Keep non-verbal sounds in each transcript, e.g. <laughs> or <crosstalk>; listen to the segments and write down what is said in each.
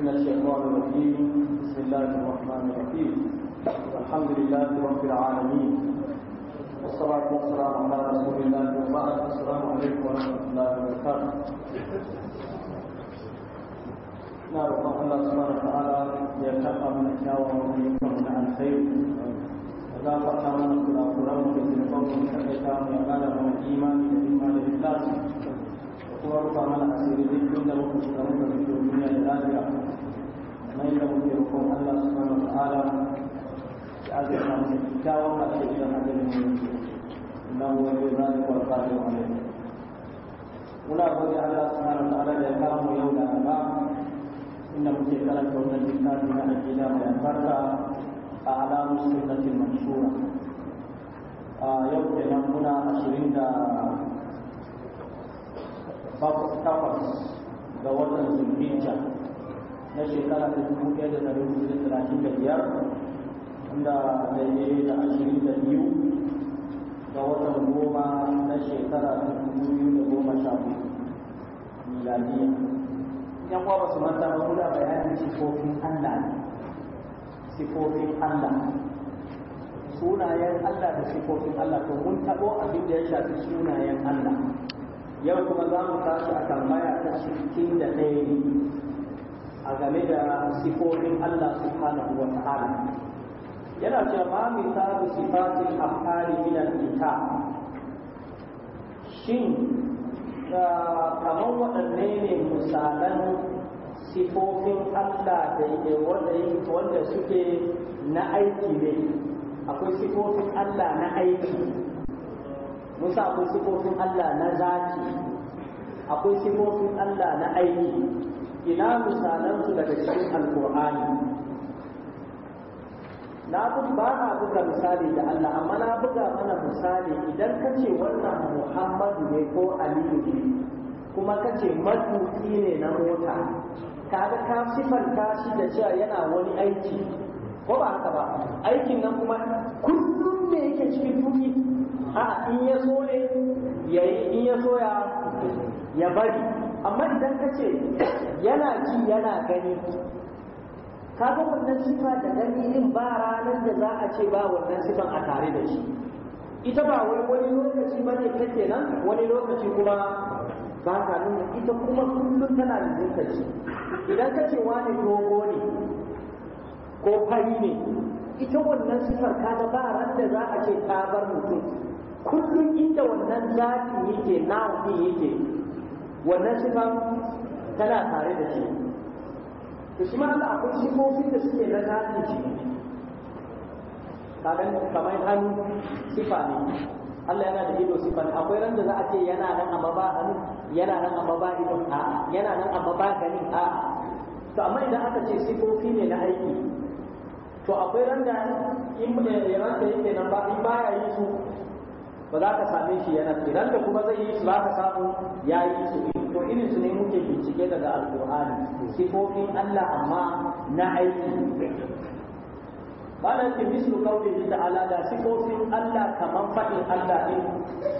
من الشيطان الرجيم بسم الله الرحمن الرحيم الحمد لله رب العالمين والصلاة والسلام على رسول الله وبعد السلام عليكم ورحمة الله وبركاته نعرف الله سبحانه وتعالى يلتقى من الشاور ويكون عن خير لا فرحة من القرآن في القوم من حقك ويعلم الإيمان بالإيمان بالله kuma rufa mana asiri duk inda muka shiga muka fi da lafiya na yi da muke rufon Allah su kama da ala ya aza yana mai kyakkyawan a cikin ajiyar hajjar mai yanzu na mu wajen na zuwa fadin wani muna gode Allah su kama da ala da ya kama mu yau da amma inda muke karanta wannan littafi na ajiyar mai albarka a alamun sunnatin mansura a yau kenan muna ashirin da babu takwas ga watan zulhijja na shekara ta dubu ɗaya da ɗari hudu da talatin da biyar inda daidai da ashirin da biyu ga watan goma na shekara ta dubu biyu da goma sha biyu miladiya yan uwa ba su manta ba kula bayanin sifofin Allah ne sifofin Allah sunayen Allah da sifofin Allah to mun tabo abin da ya shafi sunayen Allah yau kuma za mu tashi a tambaya ta cikin da ɗaya a game da sifofin Allah subhanahu wa ta'ala yana cewa ma misalu sifatin afkari minan ita shin ah, kamar waɗanne ne misalan sifofin Allah da wanda suke na aiki ne akwai sifofin Allah na aiki musa akwai sifofin Allah na zaki akwai sifofin Allah na aiki ina misalansu daga cikin alkur'ani na ba na buga misali da Allah amma na buga mana misali idan ka ce wannan muhammadu ne ko aliyu ne kuma ka ce matuki ne na mota kaga ka sifanta shi da cewa yana wani aiki ko ba haka ba aikin nan kuma kullum ne yake cikin tuki A'a, in ya so ne ya in ya so ya bari amma idan ka ce yana ci, yana gani ka ga wannan sifa da gani din ba ranar da za a ce ba wannan sifan a tare da shi ita ba wani wani lokaci ba ne take nan wani lokaci kuma ba ka nuna ita kuma kullum tana da lokaci idan ka ce wani dogo ne ko fari ne ita wannan sifar ka ba ran da za a ce ta mutum kullum inda wannan zafi yake wani yake wannan sifan tana tare da shi to shi ma da akwai sifofin da suke na zafi shi kadan kamar hannu sifa ne Allah yana da ido sifa akwai ran da za a ce yana nan amma ba hannu yana nan amma ba ido a yana nan amma ba gani a to amma idan aka ce sifofi ne na aiki to akwai ran da in da yaran da yake nan ba in baya yi su ba za ka same shi yana idan da kuma zai yi su ba ka samu ya yi su to irin su ne muke bincike daga alkur'ani sifofin Allah amma na aiki bana ce mislu kauli da ta'ala da sifofin Allah kamar faɗin Allah din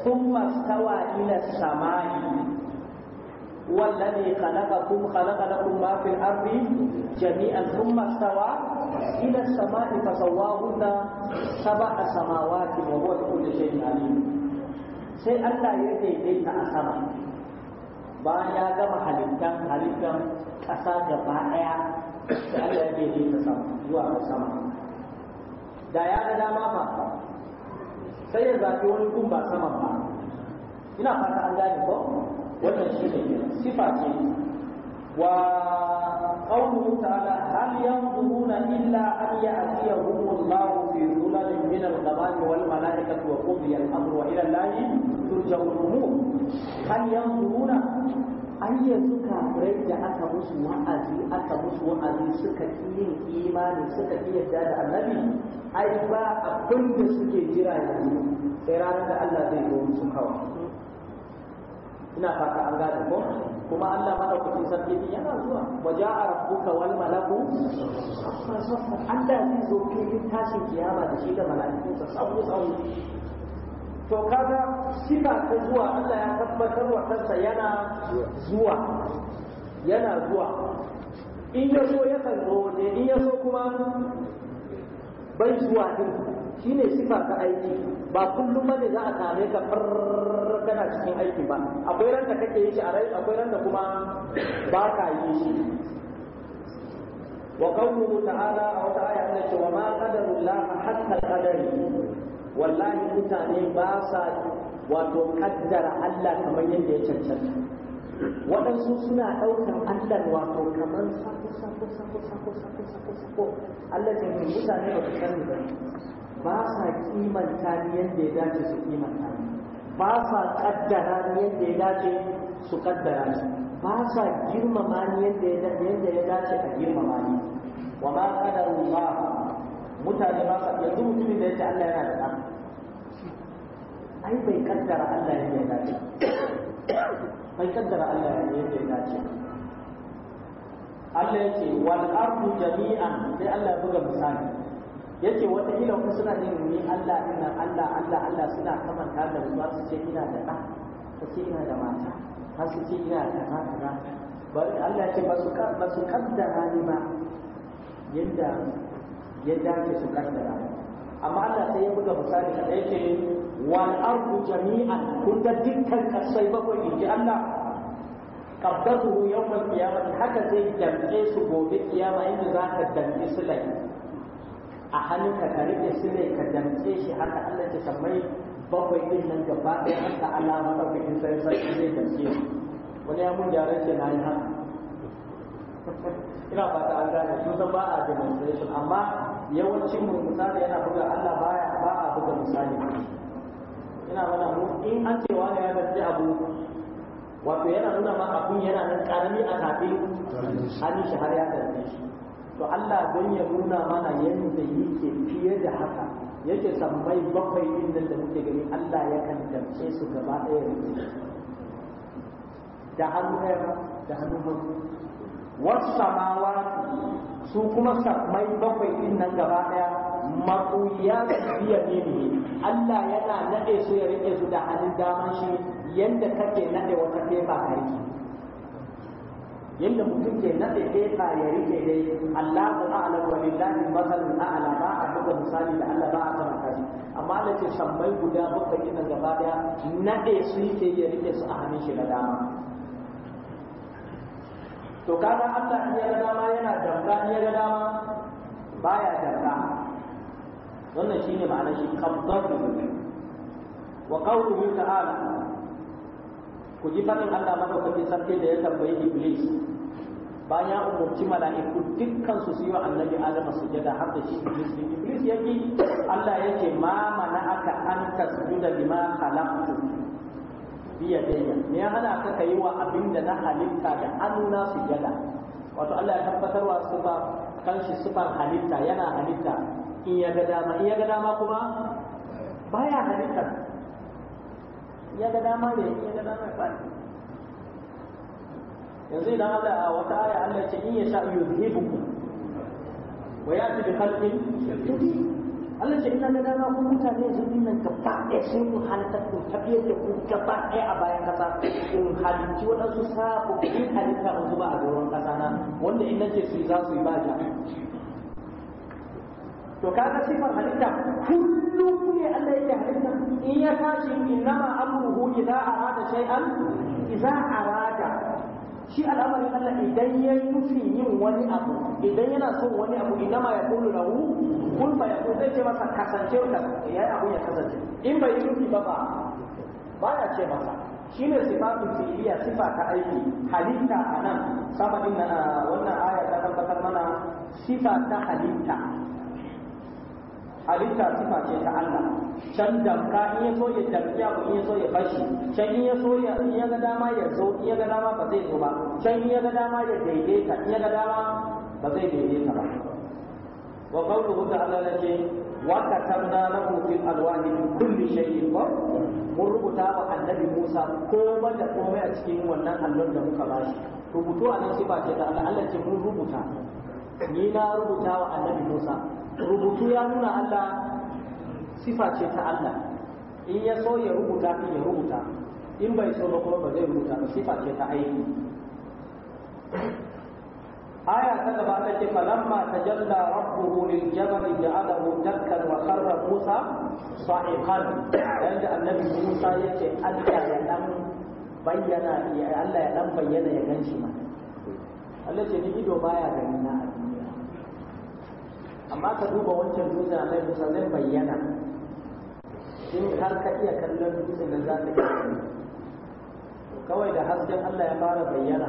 kuma stawa ila samai هو الذي خلقكم خلق لكم ما في الأرض جميعا ثم استوى إلى السماء فسواهن سبع سماوات وهو بكل شيء عليم sai Allah ya daidaita a sama bayan ya gama halittan halittan ƙasa gaba ɗaya da Allah ya daidaita sama zuwa ga sama da ya ga dama ba sai ya zafi wani gumba sama ba ina fata an gane ko wannan shi ne sifa ce wa qawluhu ta'ala hal yanzuruna illa an ya'tiyahum Allah fi dhulalin min al-ghamam wal malaikatu wa qudiya al-amru wa ila Allah turja'u al-umur hal yanzuruna an yanzu kafirai da aka musu wa'azi aka musu wa'azi suka ki yin imani suka ki yadda da annabi ai ba abin da suke jira yanzu sai ranar da Allah zai zo musu kawai ina fata an gane ko kuma Allah madaukakin sarki yana zuwa waja a rabbuka wal malaku Allah zai zo filin tashin kiyama da shi da sa sabu sabu to kaga sifa ta zuwa Allah ya tabbatar wa kansa yana zuwa yana zuwa in ya ya kan zo ne in ya zo kuma bai zuwa din shi ne sifa ta aiki ba kullum ne za a same ka kana cikin aiki ba akwai ran da kake yi shi a rai akwai ran da kuma ba ka yi shi wa qawluhu ta'ala a wata aya Allah ce wa ma qadarullah hatta qadari wallahi mutane ba sa wato kaddara Allah kamar yadda ya cancanta waɗansu suna ɗaukar Allah wato kamar sako sako sako sako sako sako sako Allah ce mutane ba su sani ba ba sa kimanta ni yadda ya dace su kimanta ni ba sa kaddara ni yadda ya dace su kaddara ni ba sa girmama ni yadda ya dace a girmama ni wa ma kadaru ba mutane ba sa yanzu mutumin da ce Allah yana da ɗan ai bai kaddara Allah yadda ya dace bai kaddara Allah yadda ya dace Allah ce wal ardu jami'an sai Allah ya buga misali yace wata kila ku suna yin ni Allah ina Allah Allah Allah suna ta da ruwa su ce ina da ɗa su ce ina da mata har su ce ina da mata kaza bari Allah ce ba su ba su kaddara ni ba yadda ya dace su kaddara amma Allah sai ya buga misali da yake wal ardu jami'an kun da dukkan kasai bakwai ji Allah qabbatuhu yawm al-qiyamah haka zai jam'e su gobe kiyama inda za ka danne su lai a hannunka ka rike su ne ka damce shi haka Allah ya sammai bakwai din nan gaba ɗaya an ta Allah madaukakin sai sai zai damce shi wani ya mun gyaran ce na yi ha <laughs> ina ba ta an gane sun san ba a demonstration amma yawancin mu misali yana buga Allah baya ba a buga misali ina mana mu in an ce wani ya damce abu wato yana nuna ma abun yana nan karami a kafin hannun shi har ya damce shi to Allah don ya nuna mana yadda yake fiye da haka yake sammai bakwai din da muke gani Allah ya kan damce su gaba ɗaya da da hannu ɗaya da hannu hagu wasu samawa su kuma samai bakwai din nan gaba ɗaya maƙuya da biya ne Allah yana naɗe su ya riƙe su da hannun dama shi yadda kake naɗe wata kai ba ka yadda mutum ke nade fesa ya rike dai Allah Allahu a'lam wa lillahi masalul a'la ba a buga misali da Allah ba a karanta kaji. amma da ce sammai guda bakwai ina gaba daya nade su yake ya rike su a hannun shi da dama to kaga Allah in ya ga dama yana damka in ya ga dama baya damka wannan shine ma'anar shi qabdatu wa qawluhu ta'ala ku ji fadin Allah madaukakin sarki da ya tambayi Iblis baya ya umarci mala'iku dukkan su yi wa annabi adam sujada har da shi iblis iblis yake Allah yake ma mana aka an tasjuda ma khalaqtu bi yadayya me ya hana ka kai wa abinda na halitta da hannuna sujada wato Allah ya tabbatar wa tabbatarwa sifa kanshi sifar halitta yana halitta in ya ga dama in ya ga dama kuma baya halitta ya ga dama ne in ya ga dama ne. yanzu idan Allah a wata aya Allah ce in ya yasha yuzhibuku wa ya fi khalqin jadid Allah ce ina da dama ku mutane sun yi nan gaba ɗaya sun yi halittar ku tafiyar da ku gaba ɗaya a bayan ƙasa in halitti waɗansu sababbin halitta in zuba a doron ƙasa na wanda in nace su za su yi ba ja to kaga sifar halitta kullum ne Allah yake halitta in ya tashi innama amruhu idza arada shay'an idza arada shi al'amarin Allah idan ya yi nufin yin wani abu idan yana so wani abu idan ma ya kulu lahu kun ba ya kun zai ce masa kasance ka ya abu ya kasance in bai yi nufi ba ba ya ce masa shi ne sifatu fi'liya sifa ta aiki halitta a nan sama inda wannan aya ta tabbatar mana sifa ta halitta halitta sifa ce ta Allah can damka in ya so ya damkiya ko in ya so ya bashi can in ya so ya in ya ga dama ya zo in ya ga dama ba zai zo ba can in ya ga dama ya daidaita in ya ga dama ba zai daidaita ba wa qawluhu ta'ala lake wa katabna lahu fil alwahi kulli shay'in fa mun rubuta wa annabi Musa komai da komai a cikin wannan allon da muka bashi rubutu a nan sifa ce da Allah Allah ce mun rubuta ni na rubuta wa annabi Musa rubutu ya nuna Allah sifa ce ta Allah in ya so ya rubuta in ya rubuta in bai so ba kuma ba zai rubuta ba sifa ce ta aiki aya ta gaba ta ce falamma tajalla rabbuhu lil jabal ja'alahu dakkan wa kharra musa sa'iqan yanda annabi musa yace Allah ya dan bayyana ya Allah ya dan bayyana ya ganshi ma Allah ce ni ido baya gani na amma ka duba wancan dutse a mai dutse zai bayyana in har ka iya kallon dutse nan za ka iya kawai da hasken Allah ya fara bayyana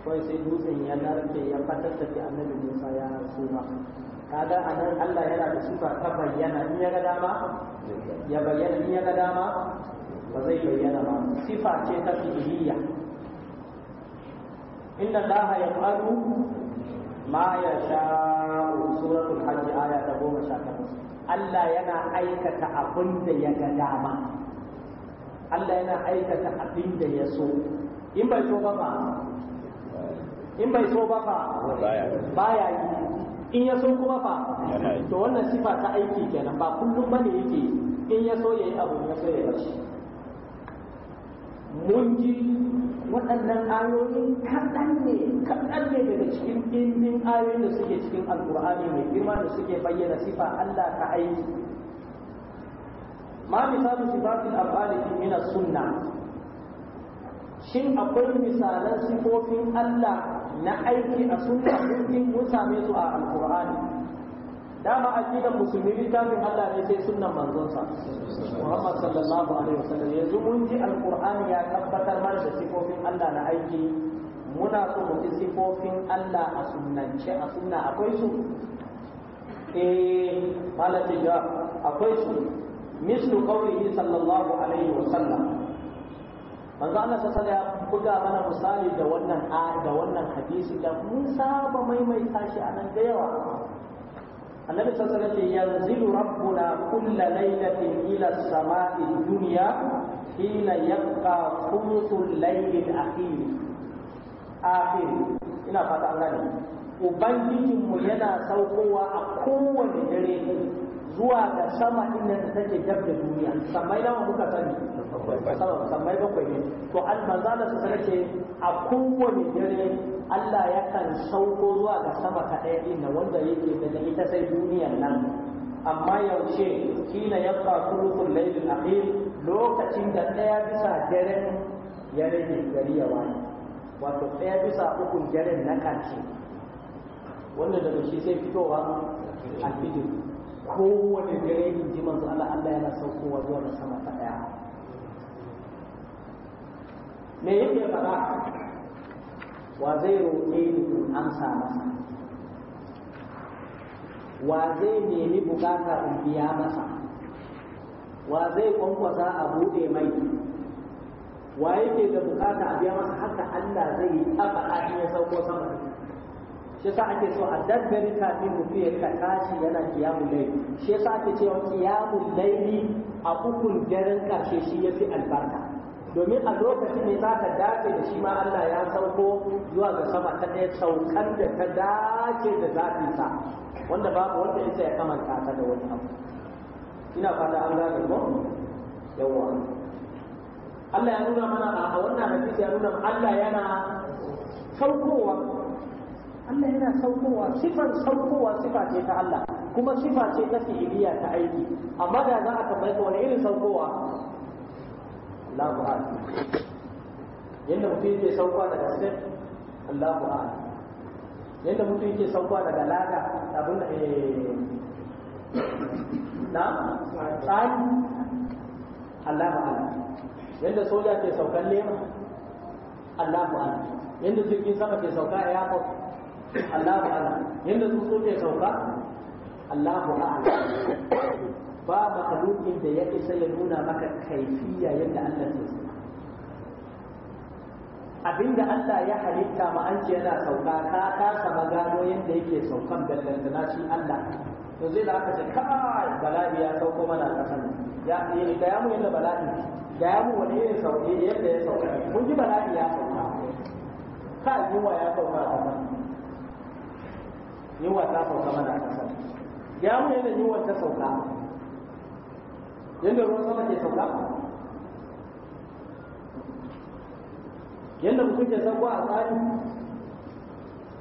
kawai sai dutsen ya narke ya fatar da annabi Musa ya suma kaga a nan Allah yana da sifa ta bayyana in ya ga dama ya bayyana in ya ga dama ba zai bayyana ba sifa ce ta fi'iliya inna Allah faru. ma ya sha'u suratul hajji aya ta goma sha takwas Allah yana aikata abin da ya ga dama Allah yana aikata abin da ya so in bai so ba ba in bai so ba fa baya yi in ya so kuma fa to wannan sifa ta aiki kenan ba kullum bane yake in ya so yayi abu ya so ya bashi mun ji waɗannan ayoyin kaɗan ne kaɗan ne daga cikin ɗimbin ayoyin da suke cikin alƙur'ani mai girma da suke bayyana sifa Allah ta aiki ma misalin sifatil af'ali mina sunna shin akwai misalan sifofin Allah na aiki a sunna mun mun same su a alƙur'ani dama aqidan musulmi littafin Allah ne sai sunnan manzonsa Muhammad sallallahu alaihi wasallam yanzu mun ji alqur'ani ya tabbatar mana da sifofin Allah na aiki muna so mu ji sifofin Allah a sunnance a sunna akwai su eh malati ga akwai su mislu qawlihi sallallahu alaihi wasallam manzo Allah sallallahu ya buga mana misali da wannan da wannan hadisi da mun saba maimaita shi a nan da yawa annabi sallallahu alaihi wasallam zilu rabbuna kulla lailatin ila samai dunya hina yaqa thuluthul laylil akhir akhir ina fata ne gane mu yana saukowa a kowane dare zuwa ga sama inda take dab da duniya Samai nawa muka sani bakwai sama mai bakwai ne to almanzala su sai ce a kowane dare Allah yakan sauko zuwa ga sama ta ɗaya ɗin wanda yake da ita sai duniyar nan amma yaushe kila yabqa thuluthul laifin akhir lokacin da ɗaya bisa daren ya rage gari ya wani wato ɗaya bisa ukun daren na kanci wanda daga shi sai fitowa a alfijir kowane dare in ji manzo Allah Allah yana saukowa zuwa ga sama ta ɗaya me yake faɗa wa zai roƙe ni in amsa masa wa zai nemi bukata in biya masa wa zai kwankwasa a buɗe mai wa yake da bukata a biya masa haka Allah zai yi aba a cikin sauko sama shi sa ake so a daddare kafin mutu ya tashi yana kiyamun dai shi sa ake cewa kiyamun laili a ukun daren karshe shi ya fi albarka domin a lokacin ne za ka dace da shi ma Allah ya sauko zuwa ga sama ta ɗaya saukan da ta dace da zafinsa wanda babu wanda isa ya kamanta ta da wani abu ina fata an gane ko yawa Allah ya nuna mana a wannan hadisi ya nuna Allah yana saukowa Allah yana saukowa sifar saukowa sifa ce ta Allah kuma sifa ce ta fi'iliya ta aiki amma da za a tambaye wani irin saukowa Allahu a'lam yadda mutum yake sauka daga step Allahu a'lam yadda mutum yake sauka daga Laka, abin da eh, na tsari Allahu a'lam yadda soja ke saukan lema Allahu a'lam yadda jirgin sama ke sauka a yaƙo Allah a'lam yadda tsutsu ke sauka Allah a'lam ba makhluqin da ya isa ya nuna maka kaifiya yadda Allah ke su abinda Allah ya halitta ma an ce yana sauka ka kasa magano yadda yake saukan dallantana shi Allah to zai da aka ce kai bala'i ya sauko mana kasan ya eh, yi da yamu yadda bala'i da yamu wani irin sauke eh, yadda ya sauka mun ji bala'i ya sauka ka yiwa ya sauka a kasan yiwa ta sauka mana kasan mu yadda yiwa ta sauka yadda ruwan sama ke sauka yadda mutum ke sauko a tsari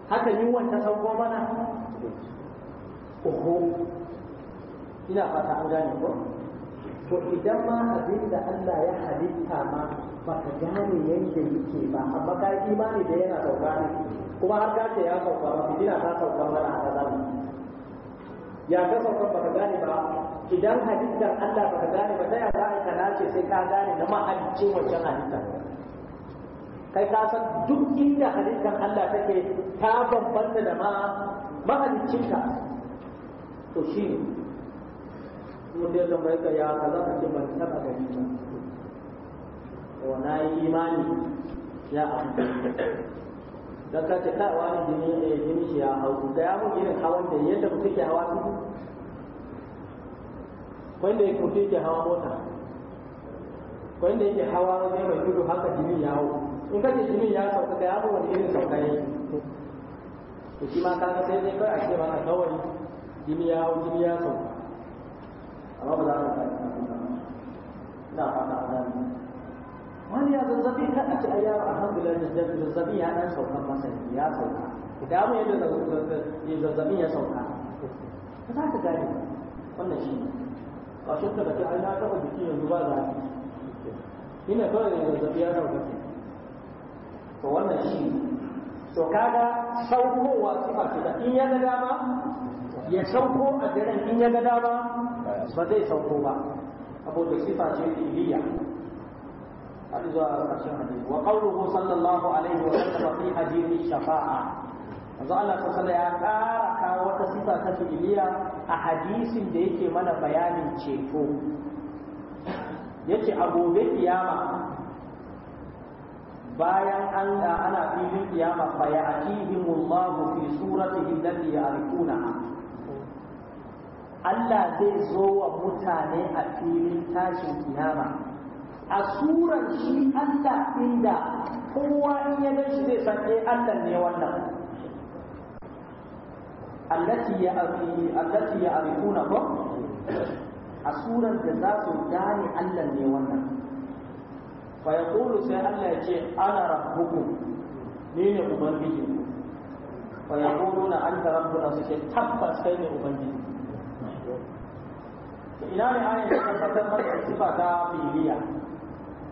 haka yiwuwan ta sauko mana oho ina fata an gane ko to idan ma abin da Allah ya halitta ma ba ka gane yadda yake ba amma ka ne da yana sauka ne kuma har ka ce ya sauka ba fitina ta sauka mana a zama ya ga sauka ka gane ba idan halittar Allah baka gane ba daya za ka nace sai ka gane na mahalicin wajen halittar kai ka san duk inda halittar Allah take ta bambanta da ma ka? to shi ne mun dai zama ka ya kaza ka ce ban taba gani ba Ko na yi imani ya abu da ka ce kai wani jini ne eh, jini shi ya hau da ya mun irin hawan da yadda mutum ke hawa su wanda ya mutu ke hawa mota wanda yake hawa ne mai gudu haka jini ya hau in kace jini ya sauka da yawo wani irin sauka ne to shi ma kaga sai dai kai a ce maka kawai jini ya hau jini ya sauka amma ba za ka ta ina fata a nan wani ya zazzabi kan a ce a yaro alhamdulillah zazzabi ya dan sauka masa ya sauka da mu yadda zazzabi ya sauka ba za ka gane wannan shi ne masu ta da ai na kafa biki yanzu ba za ina kawai ne zazzabi ya dauka to wannan shi to kaga saukowa sifa ce da in ya ga dama ya sauko a daren in ya ga dama ba zai sauko ba saboda sifa ce iliya har zuwa ƙarshen hadisi wa qawluhu sallallahu alaihi wa sallam fi hadisi shafa'a manzo Allah sallallahu ya ƙara kawo wata sifa ta iliya a hadisin da yake mana bayanin ceto yake a gobe kiyama bayan an ana filin kiyama fa ya'tihim Allah fi suratihi allati ya'rifuna Allah zai zo wa mutane a filin tashin kiyama a suran shi Allah inda kowa in ya gan shi zai san eh Allah ne wannan allati ya abi allati ya arifuna ko a surar da za su gane Allah ne wannan fa yaqulu sai Allah ya ce ana rabbukum ni ne ubangiji fa yaquluna anta rabbuna sai ce tabbas kai ne ubangiji ina ne ayin da tabbatar masa sifa ta filiya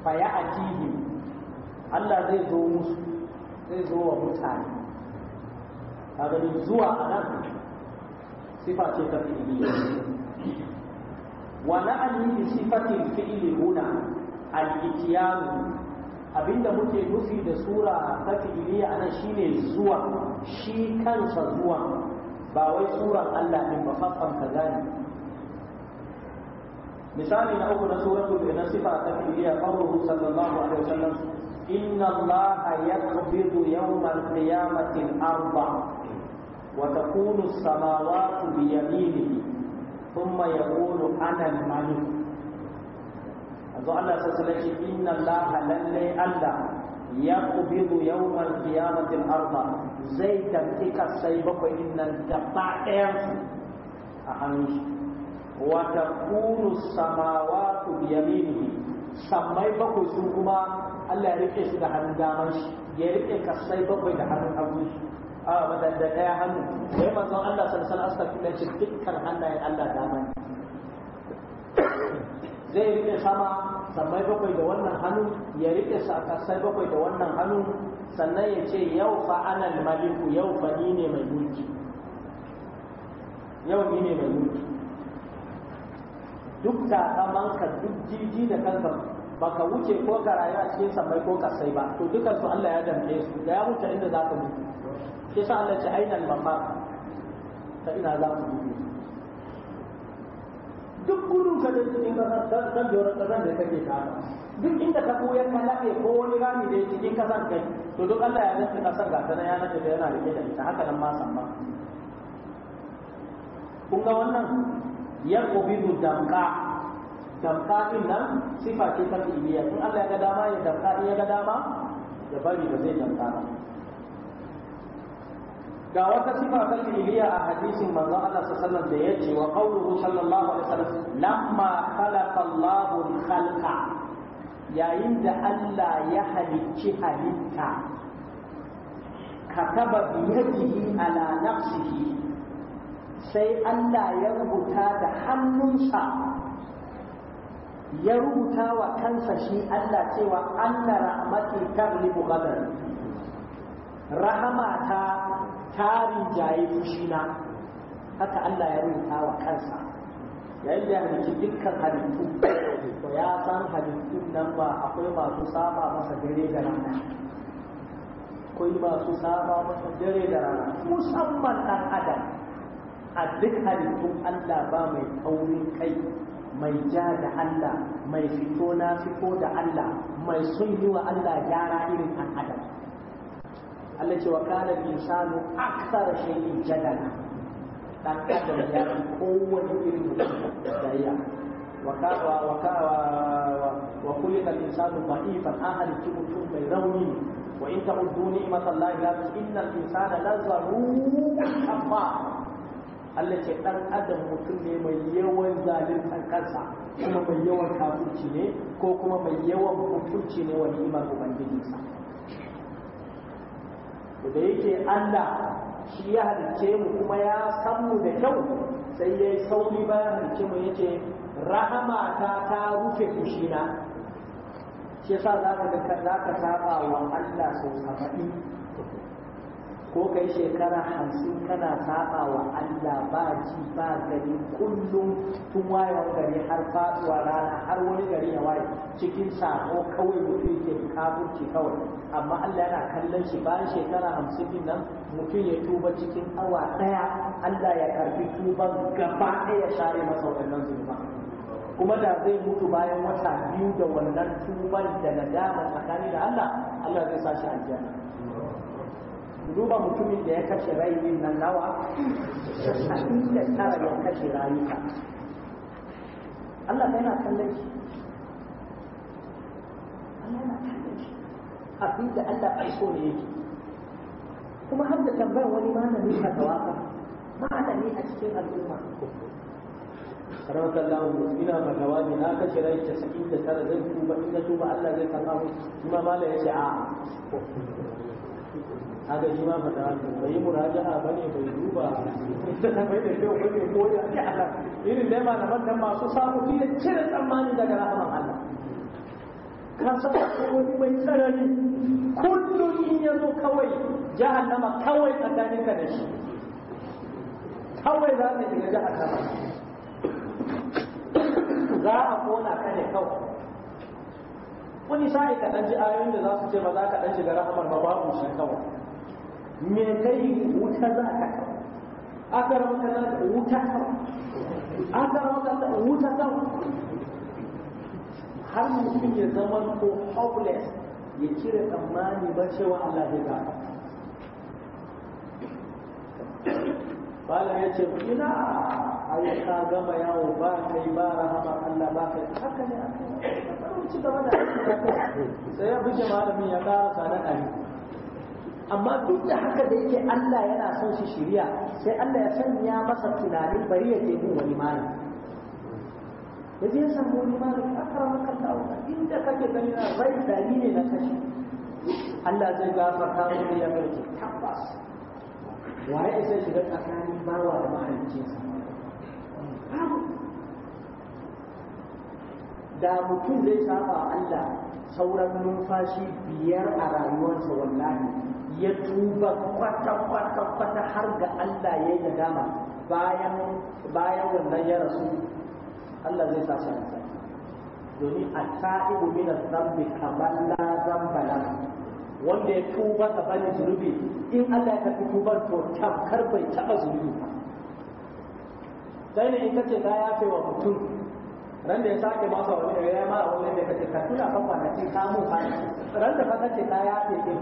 fa ya atihim Allah zai zo musu zai zo wa mutane kaga gani zuwa a nan sifa ce ta fi'ili wa na'ani bi sifatin fi'ili huna al abinda muke nufi da sura ta fi'iliya anan shine zuwa shi kansa zuwa ba wai suran Allah din ba faffan kazani misali na uku na suratul na sifa ta fi'iliya qawluhu sallallahu alaihi wasallam إن الله يقبض يوم القيامة الأرض وتكون السماوات بيمينه ثم يقول أنا الملك أنزو الله سسلك إن الله للي ألا يقبض يوم القيامة الأرض زي تمسك السيبك إن الدفاع أهمش وتكون السماوات بيمينه sammai bakwai sun kuma Allah ya rike su da hannun damar shi ya rike kasai bakwai da hannun hagu shi a wadanda daya hannu sai manzon Allah sallallahu alaihi wasallam ce dukkan hannayen Allah damar zai rike sama sammai bakwai da wannan hannu ya rike su a kasai bakwai da wannan hannu sannan ya ce yau fa anal maliku yau fa ni ne mai mulki yau ni ne mai mulki duk ka duk jiji da kanka baka wuce ko ka rayu a cikin sammai ko kasai ba to dukan su Allah ya damke su da ya wuce inda za ka mutu shi sa Allah ce ainihin mamma ta ina za ku mutu duk gudun ka da cikin kasar dan joran kasar da kake ta duk inda ka koya ka lafe ko wani rami da cikin kasar kai to duk Allah ya nufi kasar ga tana ya nufi da yana rike da ita haka nan ma samma kun ga wannan يقبض الدمقاء damka din nan sifa ce ta fi'iliya in Allah ya ga dama ya damka in ya ga dama ya bari da zai damka ba ga wata sifa ta fi'iliya a hadisin manzon Allah sallallahu alaihi wasallam da yace wa qawluhu sallallahu alaihi wasallam lamma khalaqa Allahu al-khalqa yayin da Allah ya halicci halitta kataba bi yadihi ala nafsihi sai Allah ya rubuta da hannunsa ya rubuta wa kansa shi Allah cewa anna kan libu ghadar rahamata ta rinjaye fushina haka Allah ya rubuta wa kansa yayin da halitta dukkan halittu ko ya san halittun nan ba akwai masu saba masa dare da rana akwai masu saba masa dare da rana musamman ɗan adam a duk halittun Allah ba mai taurin kai mai ja da Allah mai fito na fito da Allah mai sun yi wa Allah gyara irin an adam Allah ce wa kana insanu aksar shay'in jadala dan adam ya fi kowane irin da ya wa kawa wa kawa wa kullu insanu da'ifan ahli mutum mai rauni wa in ta'uddu ni'matallahi la tusinna al-insana la zaru amma Allah ce ɗan adam mutum ne mai yawan zaluntar kansa kuma mai yawan kafirci ne ko kuma mai yawan mutunci ne wani imar ubangijinsa da yake Allah shi ya halicce mu kuma ya san mu da kyau sai ya yi sauri bayan ce mu ya ce rahama ta ta rufe kushina shi yasa za ka ga za ka saba wa Allah sau saba'in ko kai shekara hamsin kana saba wa Allah ba ji ba gari kullum tun wayewar gari har faduwa rana har wani gari ya waye cikin sako kawai mutum yake kafurci kawai amma Allah yana kallon shi bayan shekara hamsin din nan mutum ya tuba cikin awa ɗaya. Allah ya karbi tuban gaba ɗaya share masa wannan zunuba kuma da zai mutu bayan wata biyu da wannan tuban da nadama tsakani da Allah Allah zai sa shi aljanna duba mutumin da ya kashe rayu nan nawa casa'in da tara ya kashe rayuka Allah yana kallon shi Allah yana kallon shi abin da Allah bai so ne yake kuma har da tambayar wani malami ka tawaka malami a cikin al'umma karamata Allah mu ina fatawa ne na kashe rai casa'in da tara zai tuba in na tuba Allah zai karɓa mu kuma malam ya ce a'a haka shi ma fata bai yi muraja'a ba ne bai duba da bai da kyau ba ne ko ya ji Allah irin dai malaman nan masu samu fi da cire tsammani daga rahaman Allah ka saba ko wani mai tsanani kullum in ya zo kawai jahannama kawai tsakanin ka da shi kawai za ka shiga jahannama za a kona ka ne kawai Kuni sa'i ka ɗan ji ayoyin da za su ce ba za ka dan shiga rahamar ba babu shi kawai me kai wuta za ka wuta za ka wuta kawai akar ka wuta kawai har mutum ya zama ko hopeless ya cire tsammani ba cewa Allah zai gaba bala ya ce ina ayyuka ka gama yawo ba kai ba Rahama, Allah ba kai haka ne kai ci gaba da aiki da kai sai ya buge malamin ya ƙara tsare ɗari. amma duk da haka da yake Allah yana son shi shirya sai Allah ya sanya masa tunanin bari ya je wani malam ya zai san wani malam a karamar kanta a inda kake gani na rai dani ne na kashi Allah zai gafarta mu ya barke tabbas waye sai shiga tsakanin bawa da mahaifinsa da mutum zai saba Allah sauran numfashi biyar a rayuwarsa wallahi ya tuba kwata kwata kwata har ga Allah ya yi dama bayan bayan wannan ya rasu Allah zai sa shi a domin a ta'ibu zambi kamar na zamba wanda ya tuba ta bani zunubi in Allah ya tafi tuba to tamkar bai taba zunubi ba sai ne in kace ka yafe wa mutum ran da ya sake masa wani ya mara wani da kace ka tuna fa kwanaki ka mu fa ran da fa kace ka ya ce ke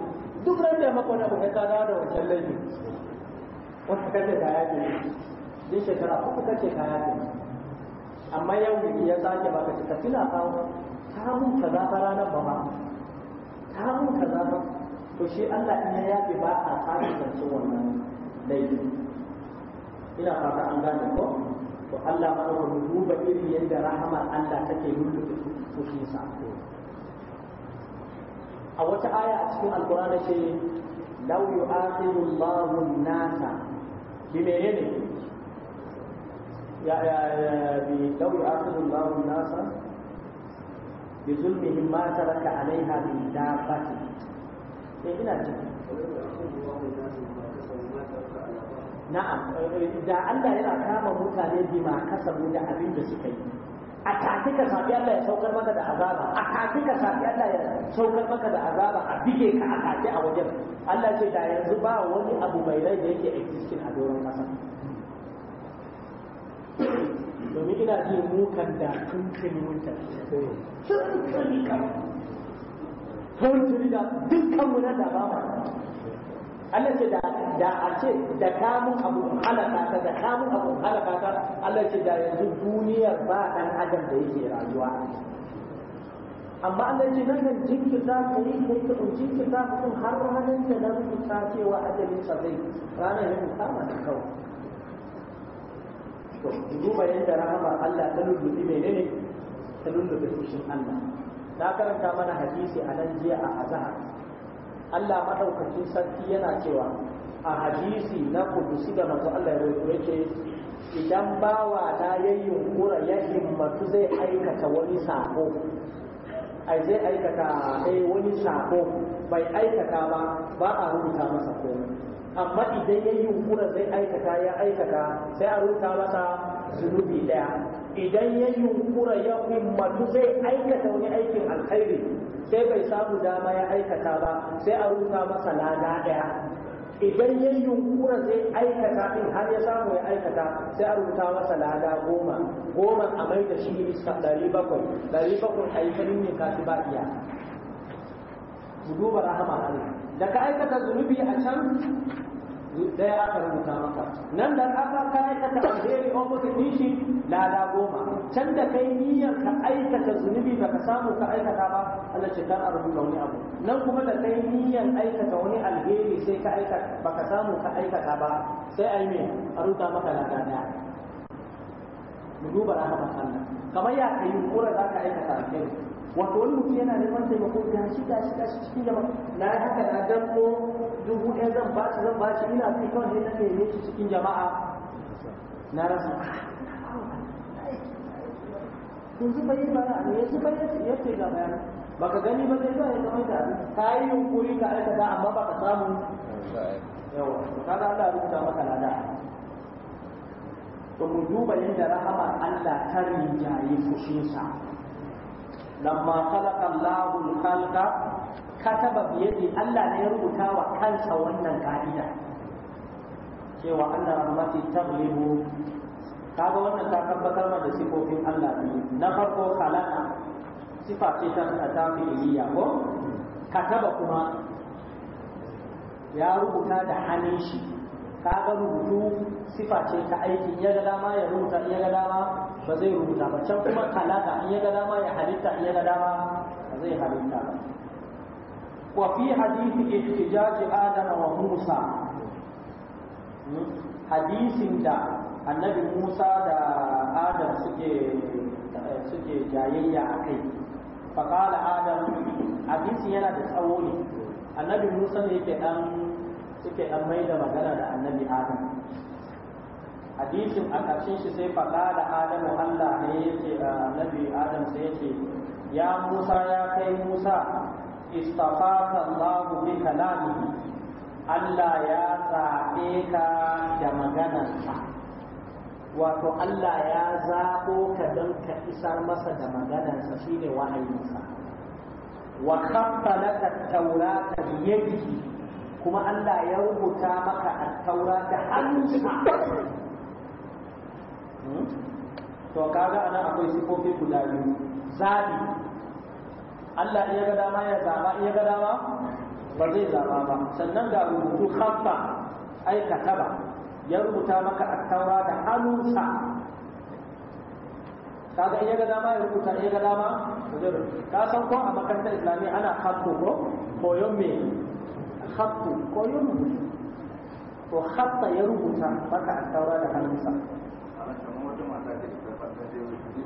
duk ran da maka wani abu ka da wancan laifi wata kace ka ya ce din shekara uku kace ka ya ce amma yau biki ya sake ba ce ka tuna samun ka za kaza ranar ba ma ka za ka to shi Allah in ya yafe ba a sake zance wannan laifi ina fata an gane ko to Allah ma ba mu duba irin yadda rahama Allah take lulluɓe kufinsa a wata aya a cikin alqur'ani ce law yu'akhidu Allahu an-nasa bi menene ya ya bi law yu'akhidu Allahu an-nasa bi zulmihim ma taraka 'alayha min dabbati eh ina ji na'am da Allah yana kama mutane bima kasabu da abin da suka yi a tafi ka safi Allah ya saukar maka da azaba a tafi ka safi Allah ya saukar maka da azaba a bige ka a tafi a wajen Allah ce da yanzu ba wani abu mai rai da yake existing a doron kasa domin ina ji mukan da tuntuni wunta tuntuni kan tuntuni da dukkan mu na da ba Allah ce da da a ce da kamun abu halaka ta da kamun abu halaka ta Allah ce da yanzu duniyar ba dan adam da yake rayuwa amma Allah ce nan nan za ka yi kai ka jinki kirta kun har ranan da na rubuta cewa ajalin sa zai ranan ya kama ta kawai to duba da rahama Allah ta lullubi menene ta da fushin Allah na karanta mana hadisi a nan jiya a azhar Allah madaukakin sarki yana cewa a hadisi na kudusi da manzo Allah ya rubuta yake idan bawa ta ya kura ya himmatu zai aikata wani sako ai zai aikata ai eh, wani sako bai aikata ba ba a rubuta masa komai amma idan ya kura zai aikata ya aikata sai a rubuta masa zunubi daya idan ya kura ya himmatu zai aikata wani aikin alkhairi sai bai samu dama ya aikata ba sai a ruta masa lada daya idan ya yunkura zai aikata din har ya samu ya aikata sai a rubuta masa lada goma goma a mai da shi ɗari bakwai ɗari bakwai a yi sanin ne kasu ba iya duba rahama hannu da aikata zunubi a can ya aka rubuta maka nan da aka ka aikata alheri on muka kishi lada goma can da kai niyyar ka aikata zunubi ba ka samu ka aikata ba Allah ce a rubuta wani abu nan kuma da kai niyyar aikata wani alheri sai ka aikata ba ka samu ka aikata ba sai ai me a rubuta maka lada daya mu duba rahmatan Allah kamar ya kai kura za ka aikata alheri wato wani mutum yana neman taimako shi, ga shi, cikin jama'a na yi haka na ko dubu ɗaya zan bashi zan bashi ina fi kawai ne na neme shi cikin jama'a na rasa yanzu bai yi bara yanzu bai ya ce ga bayan Ba ka gani ba zai ba ya zama da ka yi yunkuri ka aikata amma ba ka samu yawa da Allah rubuta maka lada to mu duba yadda rahama Allah ta rinjaye fushinsa lamma خلق الله الخلق كتب بيدي bi yadi Allah ne ya rubuta wa kansa wannan ka'ida cewa Allah rahmati taghlibu kaga wannan ta tabbatar da sifofin Allah ne na farko khalaqa sifa ce ta ko kataba kuma ya rubuta da hannun shi kaga rubutu sifa ce ta aikin ya ga dama ya rubuta ya ga dama ba zai rubuta ba can kuma kalaka in ya ga dama ya halitta in ya ga dama ba zai halitta ba wa fi hadisi ihtijaji adama wa musa hmm? hadisin da annabi musa da adam suke jayayya a kai faƙala adam hadisin yana da tsawo ne annabi musa ne yake dan suke dan mai da magana da annabi adam hadisin a ƙarshen shi sai faɗa da adamu allah ne ya ce nabi adam sai ya ce ya musa ya kai musa istafaka allahu bi kalami allah ya zaɓe ka da maganarsa wato allah ya zaɓo ka don ka isar masa da maganarsa shine wahayinsa wa ta taurata biyadihi kuma allah ya rubuta maka a taura da hannunsa Hmm? to kaga anan akwai sifofi guda biyu zabi Allah iya ga dama ya zaba iya ga dama ba zai zaba ba sannan ga rubutu khaffa ai kataba ya rubuta maka attaura da hannunsa kaga iya ga dama ya rubuta iya ga dama ka san ko a makarantar islami ana khatto ko koyon me khatto koyon to khatta ya rubuta maka attaura da hannunsa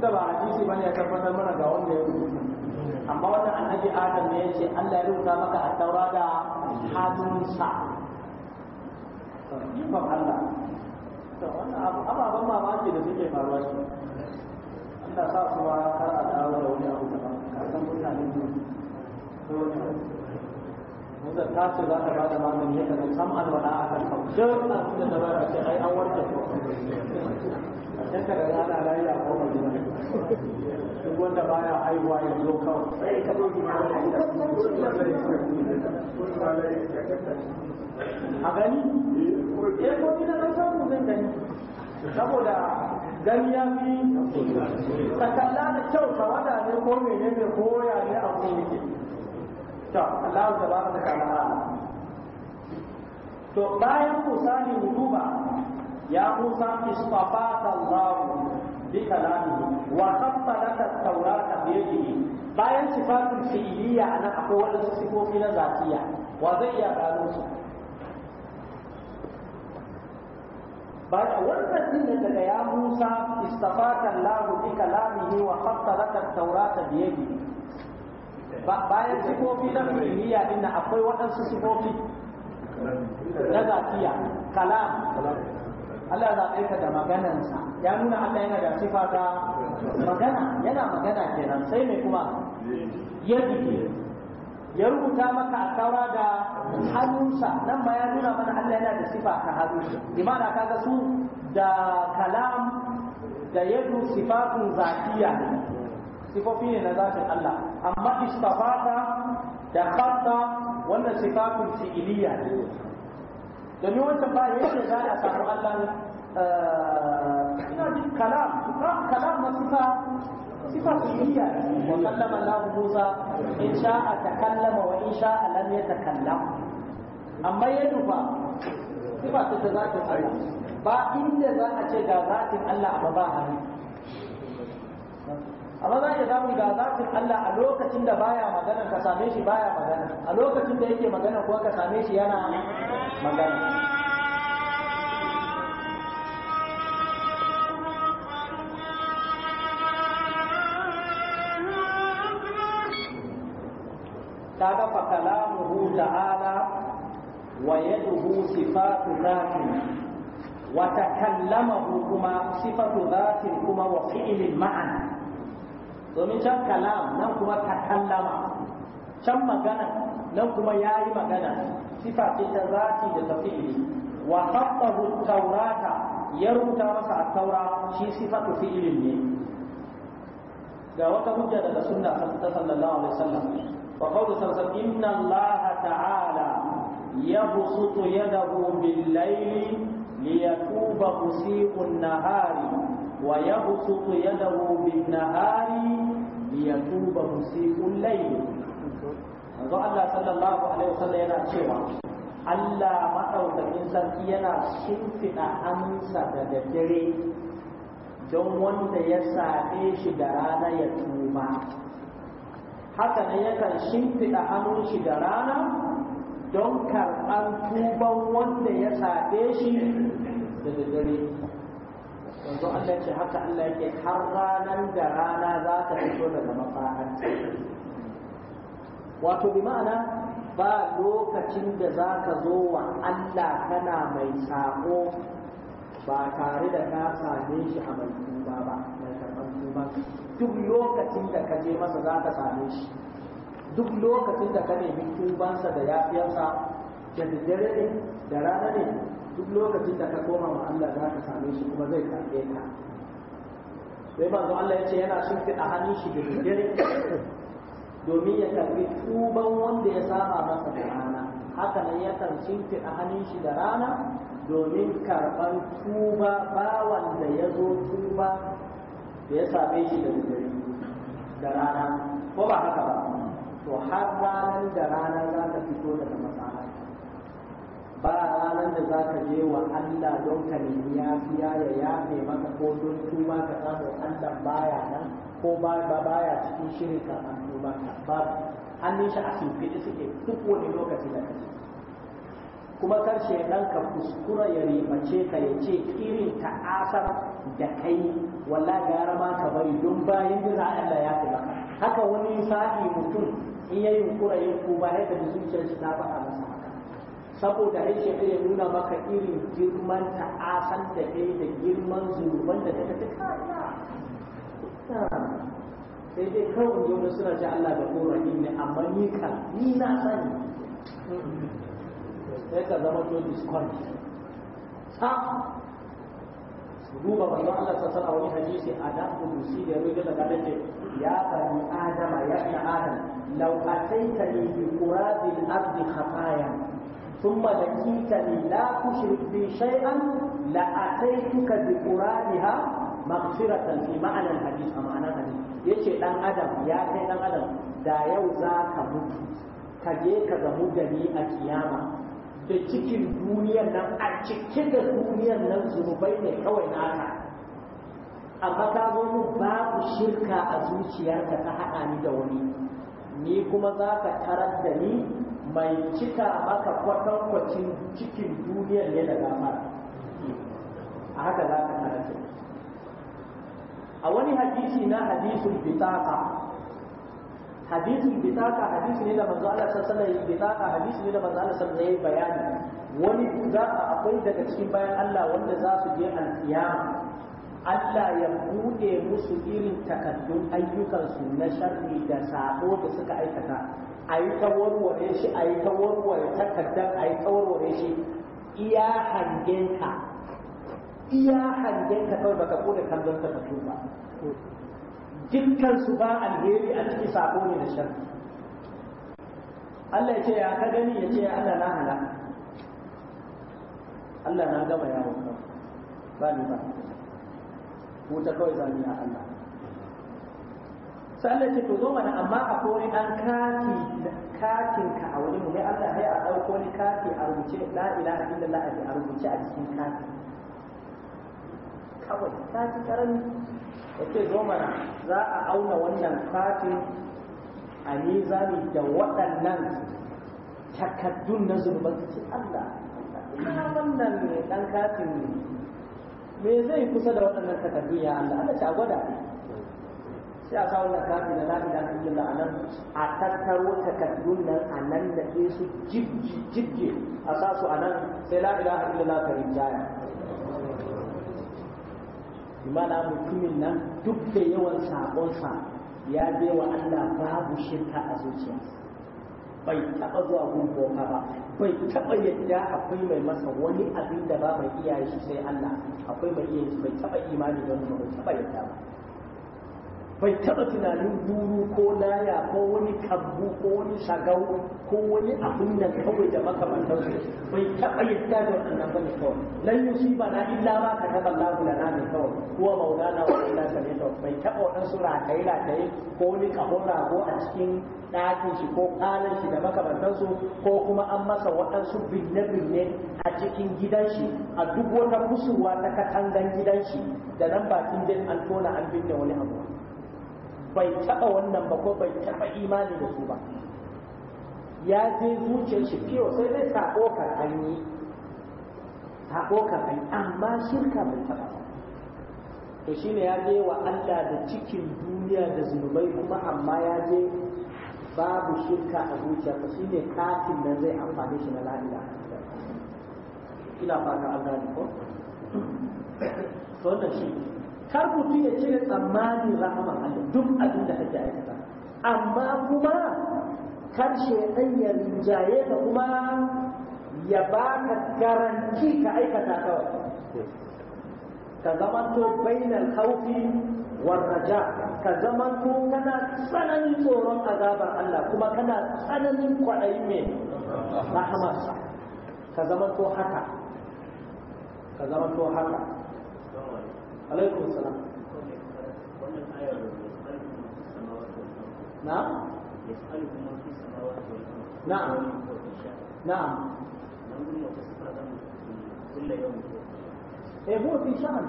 tunda ba hadisi bane ya tabbatar mana ga wanda ya rubuta amma wannan annabi adam ne yace Allah ya rubuta maka a taura da hannunsa yin Allah to wannan abu ababan mamaki da suke faruwa shi Allah sa su ba kar a dawo da wani abu daban ka san mutane ne to wanda ta ce za ta bada magani ya kan sam an wala a kan kawo duk abin da ba ka ce ai an warke ko a shekara ana lafiya ko mai duk wanda baya haihuwa ya zo kawai a gani ya eh, na samu gani saboda gani ya fi da kyau ne ko mene ne ko ya ne a kuma yake to Allah ba ta kana to bayan musani mutuba ya musa isfafata Allah بكلامه وخط لك التوراة بيده bayan sifatun fi'iliya nan akwai waɗansu sifofi na zatiya wa zai iya gano su wannan din daga ya Musa istafaka Allah bi kalamihi wa khatta taurata bayan sifofi na fi'iliya din akwai waɗansu sifofi na zafiya kalam Allah zaɓe ka da maganansa ya nuna Allah yana da sifa ta magana yana magana kenan sai mai kuma ya ya rubuta maka a taura da hannunsa nan ma ya nuna mana Allah yana da sifa ta hannu imana kaga su da kalam da yadu sifatun zakiya sifofi ne na zatin Allah amma istafata da khatta wannan sifatun fi'iliya ne domin wancan ba ya ce za a samu Allah eh, kalam kalam na sifa sifa kulliya wa kallama Allah Musa in sha'a takallama wa in sha'a lam yatakallam amma ya dufa sifa ta za ta tsaya ba inda za a ce ga zatin Allah ba ba hannu amma za a zamu ga zatin Allah a lokacin da baya magana ka same shi baya magana a lokacin da yake magana kuwa ka same shi yana magana kaga fa kalamuhu ta'ala wa yaduhu sifatu zatin وتكلمه كما صفة ذات كما وفعل ma'an. domin can kalam nan kuma takallama can magana nan kuma ya yi magana sifa ce ta zati da ta fi'ili wa haɓɓahu taurata ya rubuta masa a taura shi sifatu fi'ilin ne ga wata hujja daga sunna ta sallallahu alaihi wasallam فقوله صلى الله عليه وسلم إن الله تعالى يبسط يده بالليل ليتوب مسيء النهار ويبسط يده بالنهار ليتوب مسيء الليل ذو الله صلى الله عليه وسلم يا شيخ Allah maɗaukakin sarki yana shimfiɗa hannunsa da daddare don wanda ya saɓe haka ne yakan shimfiɗa hannun da rana don karɓar tuban wanda ya saɓe shi da daddare yanzu Allah ce haka Allah yake har ranar da rana za ta fito daga matsahanta wato bi ma'ana ba lokacin da za ka zo wa Allah kana mai saƙo ba tare da ka same shi a mai tuba ba ba duk lokacin da ka je masa za ka same shi duk lokacin da ka nemi tubansa da yafiyarsa da daddare ne da rana ne duk lokacin da ka koma ma Allah za ka same shi kuma zai karɓe ka sai zo Allah ya ce yana shirki a hannun shi da daddare domin ya karɓi tuban wanda ya saba masa da rana haka nan kan shirki a hannun shi da rana domin karɓar tuba ba wanda ya zo tuba da ya same shi da dare da rana ko ba haka ba to har ranar da rana za ka fito daga matsala ba ranar da za ka je wa Allah don ka nemi yafiya ya yafe maka ko don tuba ka samu Allah baya nan ko ba baya cikin shirin ka an tuba ka ba an shi a sun suke duk wani lokaci da kace kuma karshe shaidan ka kuskura ya ribace ka ya ce irin ta'asar da kai walla gara ma ka bari don bayan da Allah ya kula haka wani sa'i mutum in ya kura ya ba ya ka zuciyar shi ta faɗa masa saboda ai shi ya nuna maka irin girman asar da kai da girman zunuban da kaka tuka sai dai kawai yau suna ji Allah da ƙorafi ne amma ni kan ni na sani sai ka zama to discount ta duba manzo Allah ta wani hadisi adam kudusi da rubuta daga dace ya bani adama ya ibn adam law ataitani bi qurabil ard khataya ثم لقيتني لا تشرك بي شيئا لاتيتك بقرانها مغفرة في معنى الحديث معنى الحديث يجي دان ادم يا كاي دان ادم دا يوزا كموت ka كزمو gani a kiyama. da cikin duniyar nan a cikin da duniyar nan zunubai ne kawai naka amma ka zo mu babu shirka a zuciyarka ta haɗa ni da wani ni kuma za ka karar da ni mai cika maka kwatankwacin cikin duniyar ne da gama a haka za ka karar da a wani hadisi na hadisun bitaka hadisin bitaka hadisi ne da manzo Allah sallallahu alaihi ne da manzo Allah bayani wani za a akwai daga cikin bayan Allah wanda za su je alkiyama Allah ya buɗe musu irin takaddun ayyukansu na sharri da sabo da suka aikata a yi ta warware shi a yi ta a yi shi iya hangenka iya hangenka baka kode kallon takardu ba dukkan su ba alheri a ciki sako ne da shan Allah ya ce ya ka gani ya ce Allah na hana Allah na gama yawon kan ba ni ba ta kawai zami a Allah sai Allah ce to zo mana amma akwai wani dan kati katin ka a wani mu ne Allah ya dauko ni kati a rubuce la ilaha illallah a rubuce a cikin kati kawai kati karami yace zo mana za a auna wannan fatin a mizani da waɗannan takaddun na zurban ce Allah ina wannan kafin katin me zai kusa da waɗannan takaddun ya Allah Allah ce a gwada sai a sa wannan katin na lafi da kan da anan a tattaro takaddun nan a nan da ke su jibje a sa su a nan sai la a illallah ta rinjaya imana mutumin nan duk da yawan sabonsa ya wa Allah babu shirka a zuciyarsa bai taɓa zuwa gun ba bai taɓa yadda akwai mai masa wani abin da ba mai iyayen shi sai Allah akwai mai iya shi bai taɓa imani don bai taɓa yadda ba bai taba tunanin duru ko laya ko wani kabbu ko wani shagau ko wani abin da kawai da su bai taba yadda da wannan bane kawai lan ba na illa ma ka taba lahu lana ne kawai kuwa maulana wa illa sabita bai taba wannan sura kai rataye ko wani kahon ko a cikin ɗakin shi ko ƙalan shi da su ko kuma an masa waɗansu binne-binne a cikin gidan shi a duk wata kusurwa ta katangan gidan shi da nan bakin din an tona an binne wani abu bai taɓa wannan ba ko bai taɓa imani da su ba ya je zuciyar shi fiye sai dai sako ka an yi sako ka an amma shirka bai taɓa ba to shi ne ya je wa Allah da cikin duniya da zunubai kuma amma ya je babu shirka a zuciya. shi ne katin nan zai amfani shi na la'ila ina fata an gane ko to wannan shi kar mutum ya cire tsammanin rahama Allah duk abin da kake aikata amma kuma kar shaitan ya rinjaye ka kuma ya ba ka garanti ka aikata kawai ka zamanto bainal khawfi war raja ka to kana tsananin tsoron azabar Allah kuma kana tsananin kwaɗayi mai rahama ka to haka ka to haka عليكم السلام نعم يسأله من في السماوات والأرض نعم نعم eh huwa fi sha'an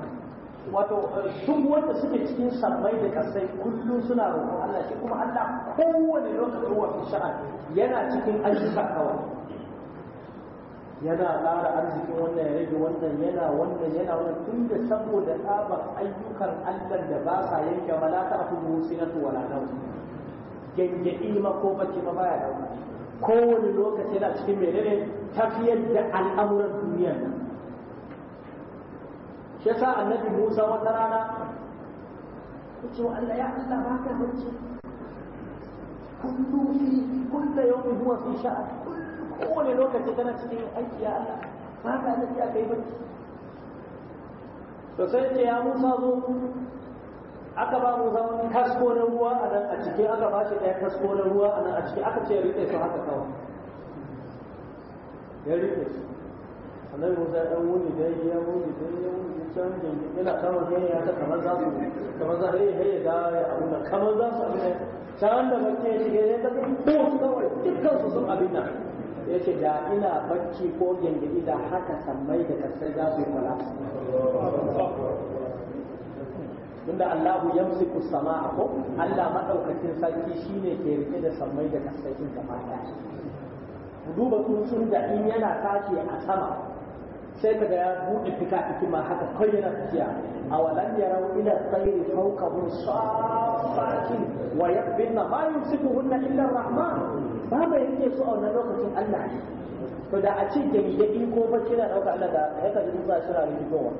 wato duk wanda suke cikin sammai da kasai kullum suna roƙon Allah shi kuma Allah kowane lokaci huwa fi sha'an yana cikin ayyuka kawai yana ƙara arziki wannan ya rage wannan yana wannan yana wannan tun da saboda tsabar ayyukan allah da ba sa yanke ta a kuma sinatu wala nau gangaɗi ma ko baki ma baya dauka kowane lokaci na cikin menene tafiyar da al'amuran duniyar nan shi yasa annabi musa wata rana ya ce wa allah ya allah ba ka mace kullum fi kullum yau huwa fi sha'ani kowane lokaci tana cikin aiki ya Allah ba ka a kai barci to sai ce ya Musa zo aka ba mu zama kasko na ruwa a nan a ciki aka ba shi ɗaya kasko na ruwa a nan a ciki aka ce ya riƙe su haka kawai ya riƙe su annabi Musa ya ɗan wuni dai ya wuni dai ya wuni da can jingi yana kawai ne ya ta kamar za su kamar za su yi da ya abu kamar za su abin nan can da bakin shi ya ta ko kawai dukkan su sun abin nan ya ce da ina bacci ko gindiri da haka sammai da kasai za su yi collapse tunda Allahu ku sama ko Allah maɗaukacin sarki shi ne ke rike da sammai da kasai din gaba Ku duba sun da in yana tashi a sama sai kaga ya buɗe fika fiki ma haka kai yana tafiya a walan yarau ila tsairi fawqahum sa'a طاعات ma ما يمسكهن الا rahman بابا yake su a wannan lokacin Allah ne to da a ce gari da ko ba kina dauka Allah da haka da Musa shira ne fitowa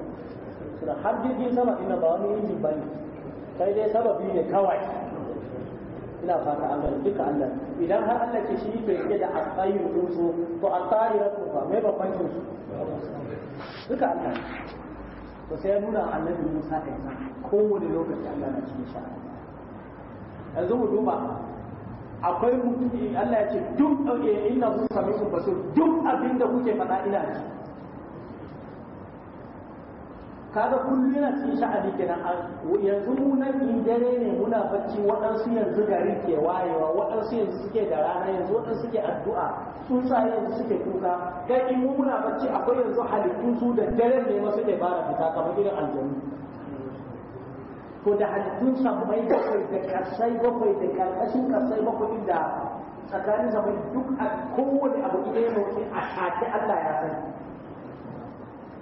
suna har jirgin sama ina ba wani injin ba ne sai dai sababi ne kawai ina fata an gani duka Allah idan har Allah ke shi ke yake da alƙayin rusu to alƙayin rusu ba mai bambancin su duka Allah to sai nuna annabi Musa kai kowane lokaci Allah na cikin sha'ani yanzu mu duba akwai mutum Allah ya ce duk ɗauke eh, ina su sami su basu duk abin da kuke faɗa ina ci kaga kullum yana cikin sha'ani kenan yanzu mu nan in dare ne muna bacci waɗansu yanzu gari ke wayewa waɗansu yanzu suke da rana yanzu waɗansu suke addu'a tsuntsaye yanzu suke kuka kai in mu muna bacci akwai yanzu halittun su da dare ne ma suke fara fita kamar irin aljanu to da halittun sammai bakwai da karsai bakwai da karkashin karsai bakwai inda tsakanin sammai duk a kowane abu ya motsi a take Allah ya sani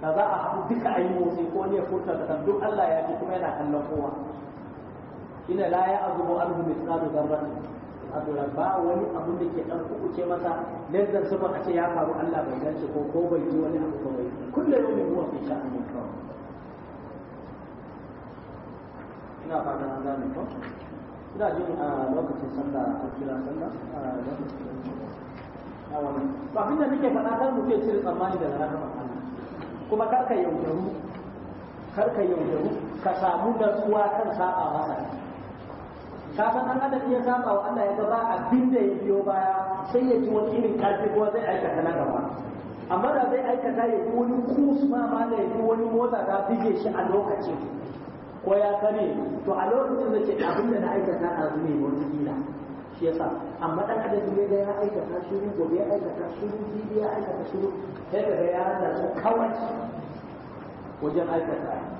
da za a haɗu duka a yi motsi ko ne da kan duk Allah ya ji kuma yana kallon kowa ina la ya azubu alhu mithqalu dharratin adura ba wani abu da ke dan kukuce masa lazzar su a ce ya faru Allah bai gance ko ko bai ji wani abu ba kullu yawmin huwa fi sha'anin kawai ina fata an gane ko ina jin a ah, lokacin sallah a kira sallah a ah, lokacin ba da nake faɗa mu ke cire tsammani Allah kuma kar ka yaudaru kar ka yaudaru ka samu natsuwa kan saba masa ka san an adam ya saba wa Allah ya ga ba abin da ya biyo baya sai ya ji wani irin karfi ko zai aikata na gaba amma da zai aikata ya wani kus ma ma da ya wani motsa ta bige shi a lokacin ko ya kare to a lokacin da ce abin da na aikata a zume ne wata kila shi yasa amma dan adam ne da ya aikata shiru gobe ya aikata shiru jibi ya aikata shiru sai daga ya lalace kawai wajen aikata